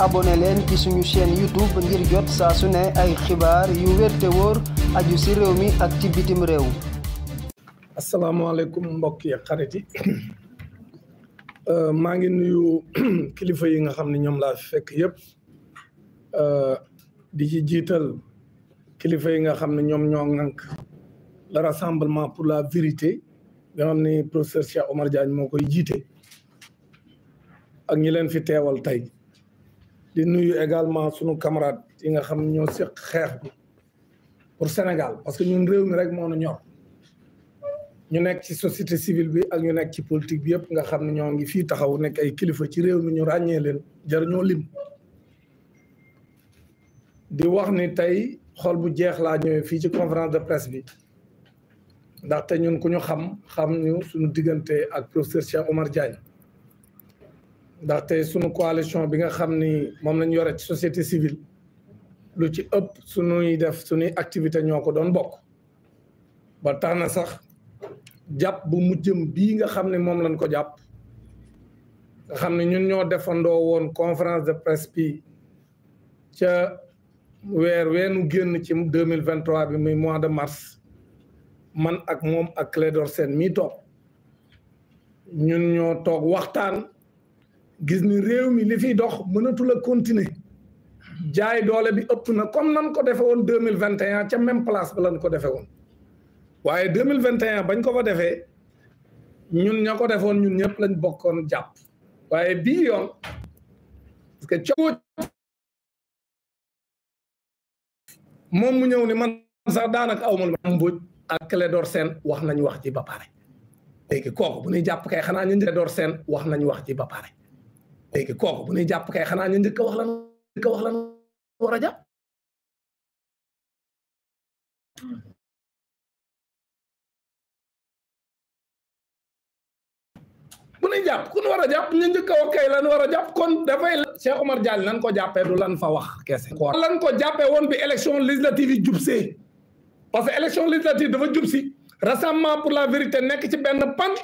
abonné ci suñu chaîne YouTube ngir jot saa su ne ay xibaar yu wér te aju si réew mi ak ci bitim réew. asalaamaaleykum mbokk yi xarit yi euh, maa ngi nuyu kilifa yi nga xam ne ñoom laa fekk yëpp euh, di ci jiital kilifa yi nga xam ne ñoom ñoo ŋànk le rassemblement pour la vérité nga xam ne professeur Cheikh Omar Diagne moo koy jiite ak ñi leen fi teewal tey. di nuyu également sunu camarade yi nga xam ñoo seq xeex bi pour Sénégal parce que ñun réew mi rek moo nu ñor ñu nekk ci société civile bi ak ñu nekk ci politique bi yëpp nga xam ne ñoo ngi fii taxaw nekk ay kilifa ci réew mi ñu ràññee leen jar ñoo lim. di wax ni tey xol bu jeex laa ñëwee fii ci conférence de presse bi ndaxte ñun ku ñu xam xam ñu suñu diggante ak professeur Cheikh Omar Diagne. ndaxte sunu coalition bi nga xam ni moom lañu yore ci société civile lu ci ëpp sunuy def sunuy activité ñoo ko doon bokk ba tax na sax jàpp bu mujjëm bii nga xam ne moom lañ ko jàpp nga xam ne ñun ñoo defandoo woon conférence de presse bi ca weer weenu génn ci deux mille vingt bi muy mois de mars man ak moom ak Clédor Sène mii toog ñun ñoo toog waxtaan gis ni réew mi li fiy dox mënatul a continuer jaay doole bi ëpp na comme nan ko defe woon deux mille vingt et un ca même place ba lan ko defe woon waaye deux mille vingt et un bañ ko fa defee ñun ña ko defoon ñun ñëpp lañ bokkoon jàpp waaye bii yoon parce que coow moom mu ñëw ni man sax daanaka aw ma mbuj ak Clédor seen wax nañ wax ji ba pare léegi kooku bu ñuy jàpp kay xanaa ñun Clédor seen wax nañ wax ji ba pare léegi kooku bu ñuy jàpp kay xanaa ñu njëkk a wax lan njëkk a wax lan war a jàpp bu ñuy jàpp ku ñu war a jàpp ñu njëkk a wax kay lan war a jàpp kon dafay Cheikh Omar Diagne lan ko jàppee du lan fa wax kese lan ko jàppee woon bi élection législative yi jubsee parce que élection législative dafa jub si rassemblement pour la vérité nekk ci benn pant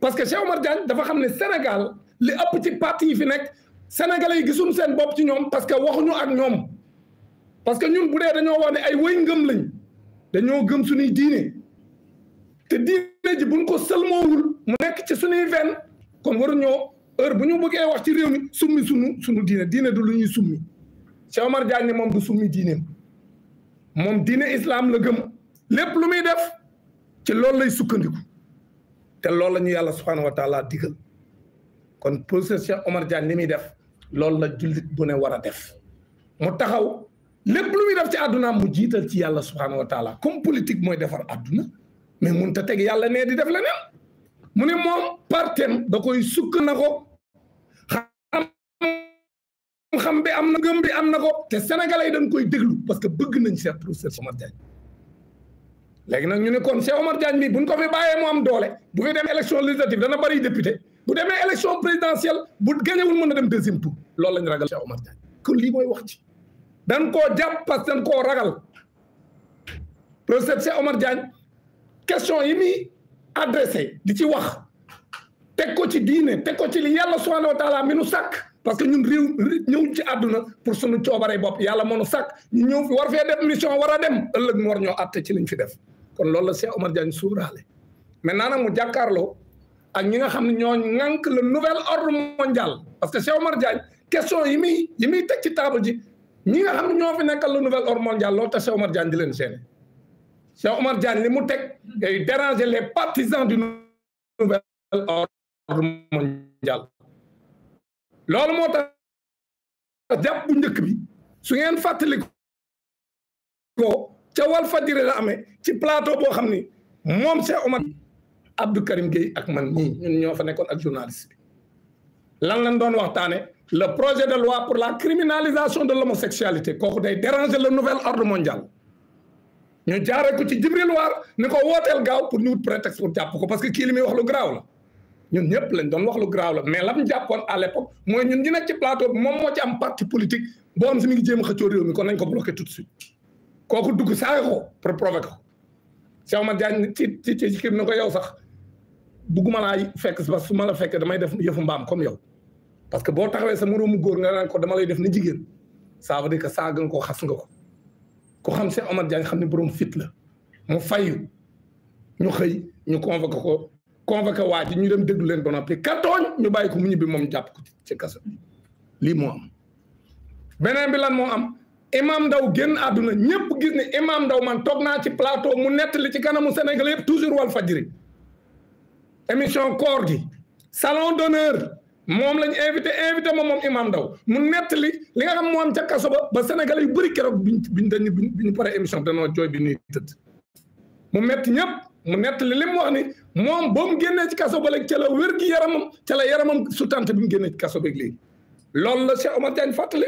parce que Cheikh Omar Diagne dafa xam ne Sénégal li ëpp ci parti yi fi nekk sénégalais yi gisuñu seen bopp ci ñoom parce que waxuñu ak ñoom parce que ñun bu dee dañoo wax ne ay wëy ngëm lañ dañoo gëm suñuy diine te diine ji buñ ko sëlmoowul mu nekk ci suñuy ven kon waruñoo heure bu ñu bëggee wax ci réew mi summi sunu sunu diine diine du lu ñuy summi Cheikh Omar Diagne moom du summi diineem moom diine islaam la gëm lépp lu muy def ci loolu lay sukkandiku te loolu la ñu yàlla subhanahu wa taala digal kon professeur Cheikh Omar Diagne li muy def loolu la jullit bu ne war a def mu taxaw lépp lu muy def ci àdduna mu jiital ci yàlla subhaanahu wa taala comme politique mooy defar àdduna mais mun ta teg yàlla nee di def leneen mu ne moom partem da koy sukk na ko xam-xam bi am na gëm bi na ko te sénégalais yi dañ koy déglu parce que bëgg nañ Cheikh professeur Cheikh Omar Diagne léegi nag ñu ne kon Cheikh Omar Diagne bi buñ ko fi bàyyee mu am doole bu fi dem élection législative dana bari député bu demee élection présidentielle bu gañewul mën a dem deuxième tour lool la ñu ragal a Omar Diagne kon lii mooy wax ci dañ koo jàpp parce que dañ koo ragal professeur Cheikh Omar Diagne question yi muy adressé di ci wax teg ko ci diine teg ko ci li yàlla subhanahu wa taala mi nu sàkk parce que ñun réew ñëw ci àdduna pour suñu coobaree bopp yàlla moo nu sàkk ñu ñëw fi war fee def mission war a dem ëllëg mu war ñoo àtte ci liñ fi def kon loolu la Cheikh Omar Diagne suuraale maintenant nag mu jàkkaarloo ak ñi nga xam ne ñoo ŋànk le nouvel ordre mondial parce que Cheikh Omar Diagne question yi muy yi muy teg ci table ji ñi nga xam ne ñoo fi nekkal le nouvel ordre mondial loolu tax Cheikh Omar di mu teg day déranger les partisans du moo tax jàpp bu njëkk bi su ngeen fàttali ko ca Walfadjri la amee ci plateau boo xam ni moom Cheikh Omar Abdou Karim Gueye ak man ñii ñun ñoo fa nekkoon ak journaliste bi lan lañ doon waxtaane le projet de loi pour la criminalisation de l'homosexualité kooku day déranger le nouvel ordre mondial ñu jaaree ko ci Djibril War ni ko wooteel gaaw pour ñu wut prétexte pour jàpp ko parce que kii li muy wax lu garaaw la ñun ñëpp lañ doon wax lu garaaw la mais lam jàppoon à l'époque mooy ñun ñu nekk ci plateau bi moom moo ci am parti politique boo xam si mi ngi jéem a xëccoo réew ko bloqué tout kooku dugg saaga ko pour provoquer ko Cheikh Oumar Diagne ci ci ci kii na ko yow sax bugguma laa fekk parce que su ma la fekkee damay def yëfu mbaam comme yow parce que boo taxawee sa moroomu góor nga naan ko dama lay def ni jigéen ça veut dire que saaga nga ko xas nga ko ku xam Cheikh Omar Diagne xam ne borom fit la mu fayu ñu xëy ñu convoqué ko convoqué waa ji ñu dem déglu leen ba noppi katooñ ñu bàyyi ko mu ñibbi moom jàpp ko ci kaso lii moo am beneen bi lan moo am imam Ndaw génn àdduna ñëpp gis ne imam Ndaw man toog naa ci plateau mu nettali ci kanamu Sénégal yëpp toujours Walf Fadjri émission koor gi salon d'honneur moom lañ invité invité moom moom Imam Ndao mu nettali li nga xam moom ca kaso ba ba Sénégal yu bëri keroog biñ biñ dañu biñ paree émission bi dañoo jooy bi nii tëdd mu metti ñëpp mu nettali li mu wax ni moom ba mu génnee ci kaso ba léegi ca la wér gi yaramam ca la yaramam su tante bi mu génnee ci kaso beeg léegi loolu la Cheikh Omar Diagne fàttali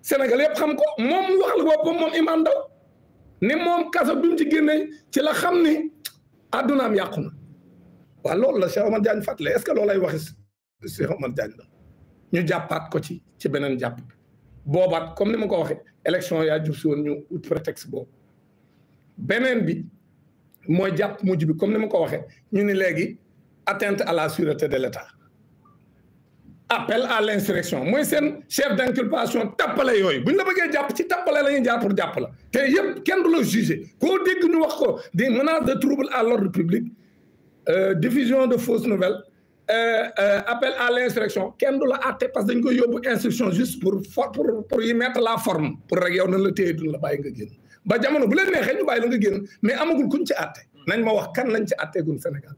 Sénégal xam ko moom waxal boppam moom Imam Ndao ni moom kaso bi mu ci génnee ci la xam ni addunaam yàqu waaw loolu la Cheikh Omar Diagne fàttali est-ce que loolu lay waxi Cheikh Omar Diagne la ñu jàppaat ko ci ci beneen jàpp boobaat comme ni ma ko waxee élection yaa jub si woon ñu ut prétexte boobu beneen bi mooy jàpp mujj bi comme ni ma ko waxee ñu ni léegi atteinte à la sûreté de l'État appel à l'insurrection mooy seen chef d'inculpation tappale yooyu bu ñu la bëggee jàpp ci tappale la ñuy jaar pour jàpp la te yëpp kenn du la jugé koo dégg ñu wax ko des menaces de trouble à l'ordre public Euh, diffusion de fausses nouvelles euh, euh, appel à l'insurrection kenn du la àtte parce que dañ koy yóbbu instruction juste pour pour pour y mettre la forme pour rek yow nan la téye dun la bàyyi nga génn ba jamono bu leen neexee ñu bàyyi la nga génn mais amagul ku ci àtte nañ ma wax kan lañ ci àtte gun Sénégal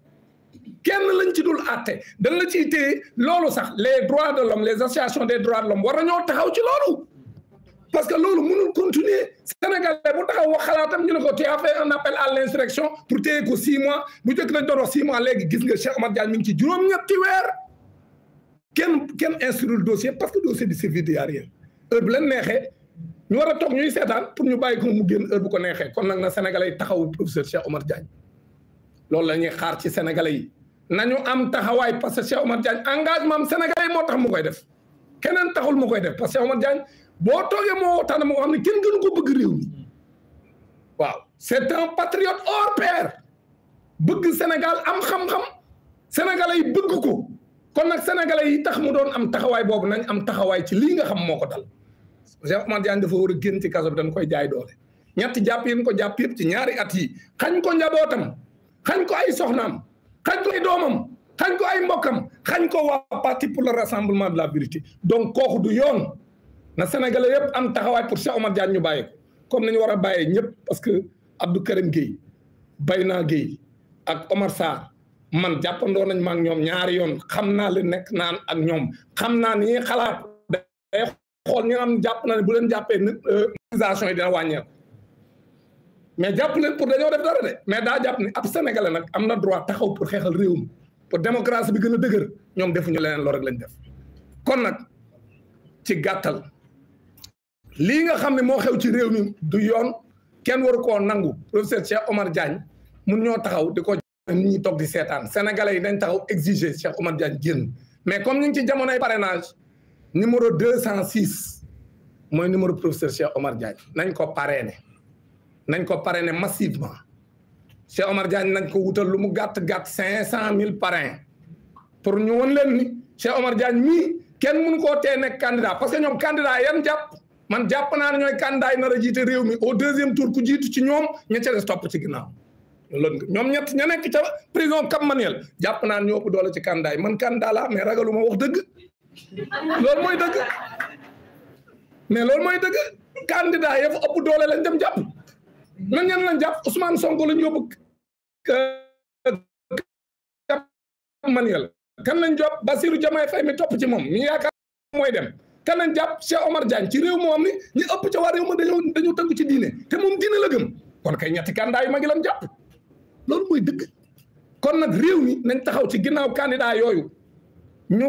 kenn lañ ci dul àtte dañ la ci téye loolu sax les droits de l'homme les associations des droits de l'homme war nañoo taxaw ci loolu parce que loolu mënul continuer sénégalais bu taxaw wax xalaatam ñu ne ko tu as fait un appel à l' insurrection pour téye ko six mois bu njëkk lañ doon wax six mois léegi gis nga Cheikh Omar Diagne mi ci juróom-ñetti weer kenn kenn instruire dossier parce que dossier bi service à rien heure bu leen neexee ñu war a toog ñuy seetaan pour ñu bàyyi ko mu bu ko neexee kon nag na sénégalais yi taxaw professeur Cheikh Omar Diagne loolu la ñuy xaar ci sénégalais yi na ñu am taxawaay parce que Cheikh Omar Diagne engagement am sénégalais yi moo tax mu koy def keneen taxul mu koy def parce que Cheikh Omar Diagne boo toogee moo waxtaan moo xam ne kenn gënu ko bëgg réew mi waaw c'est un patriote hors pair bëgg Sénégal am xam-xam sénégalais yi bëgg ko kon nag sénégalais yi tax mu doon am taxawaay boobu nañ am taxawaay ci lii nga xam moo ko dal Cheikh Oumar Diagne dafa génn ci kaso bi dañ koy jaay doole ñetti jàpp yi ko jàpp yëpp ci ñaari at yi xañ ko njabootam xañ ko ay soxnaam xañ ko ay doomam xañ ko ay mbokkam xañ ko waa parti pour le rassemblement de la vérité donc kooku du yoon na Sénégalais yëpp am taxawaay pour Cheikh ma Diagne ñu bàyyi comme nañu war a bàyyee ñëpp parce que Abdou Karim Gueye Bayna Gueye ak Omar man jàppandoo nañ ma ak ñoom ñaari yoon xam naa li nekk naan ak ñoom xam naa ni xalaat day xool ñu am jàpp na ne bu leen jàppee euh, mobilisation yi dina wàññeeku mais jàpp leen pour dañoo def dara mais daa jàpp ni ab Sénégalais nag am na droit taxaw pour xeexal réew mi pour démocratie bi gën a dëgër ñoom defuñu leneen loolu rek lañ def kon nag ci gàttal lii nga xam ne moo xew ci réew mi du yoon kenn waru koo nangu professeur Cheikh Omar Diagne mun ñoo taxaw di ko nit ñi toog di seetaan sénégalais yi dañ taxaw exiger Cheikh Omar Diagne génn mais comme ñu ci jamonoy parrainage numéro deux cent six mooy numéro professeur Cheikh Omar Diagne nañ ko parrainé nañ ko parrainé massivement Cheikh Omar Diagne nañ ko wutal lu mu gàtt gàtt cinq cent mille parrain pour ñu won leen ni Cheikh Omar Diagne mii kenn mënu koo tee nekk candidat parce que ñoom candidat yan jàpp man jàpp naa ne ñooy candidat nar a jiite réew mi au deuxième tour ku jiitu ci ñoom ña ca topp ci ginnaaw loolu ñoom ñett ña nekk ca prison Cap Manuel jàpp naa ne ñoo ëpp doole ci candidat man candidat laa mais ragalu ma wax dëgg loolu mooy dëgg mais loolu mooy dëgg candidat ya fa ëpp doole lañ dem jàpp man ñan lañ jàpp Ousmane Sonko lañ yóbbu euh, Cap Manuel kan lañ jàpp Basirou Diomaye Faye mi topp ci moom mi yaakaar mooy dem kan lañ jàpp Cheikh Omar Diagne ci réew moo am ni ñu ëpp ca waa réew ma dañoo dañoo tënku ci diine te moom diine la gëm kon kay ñetti candidat yu ma ngi lan jàpp loolu mooy dëkk kon nag réew mi nañ taxaw ci ginnaaw candidat yooyu ñu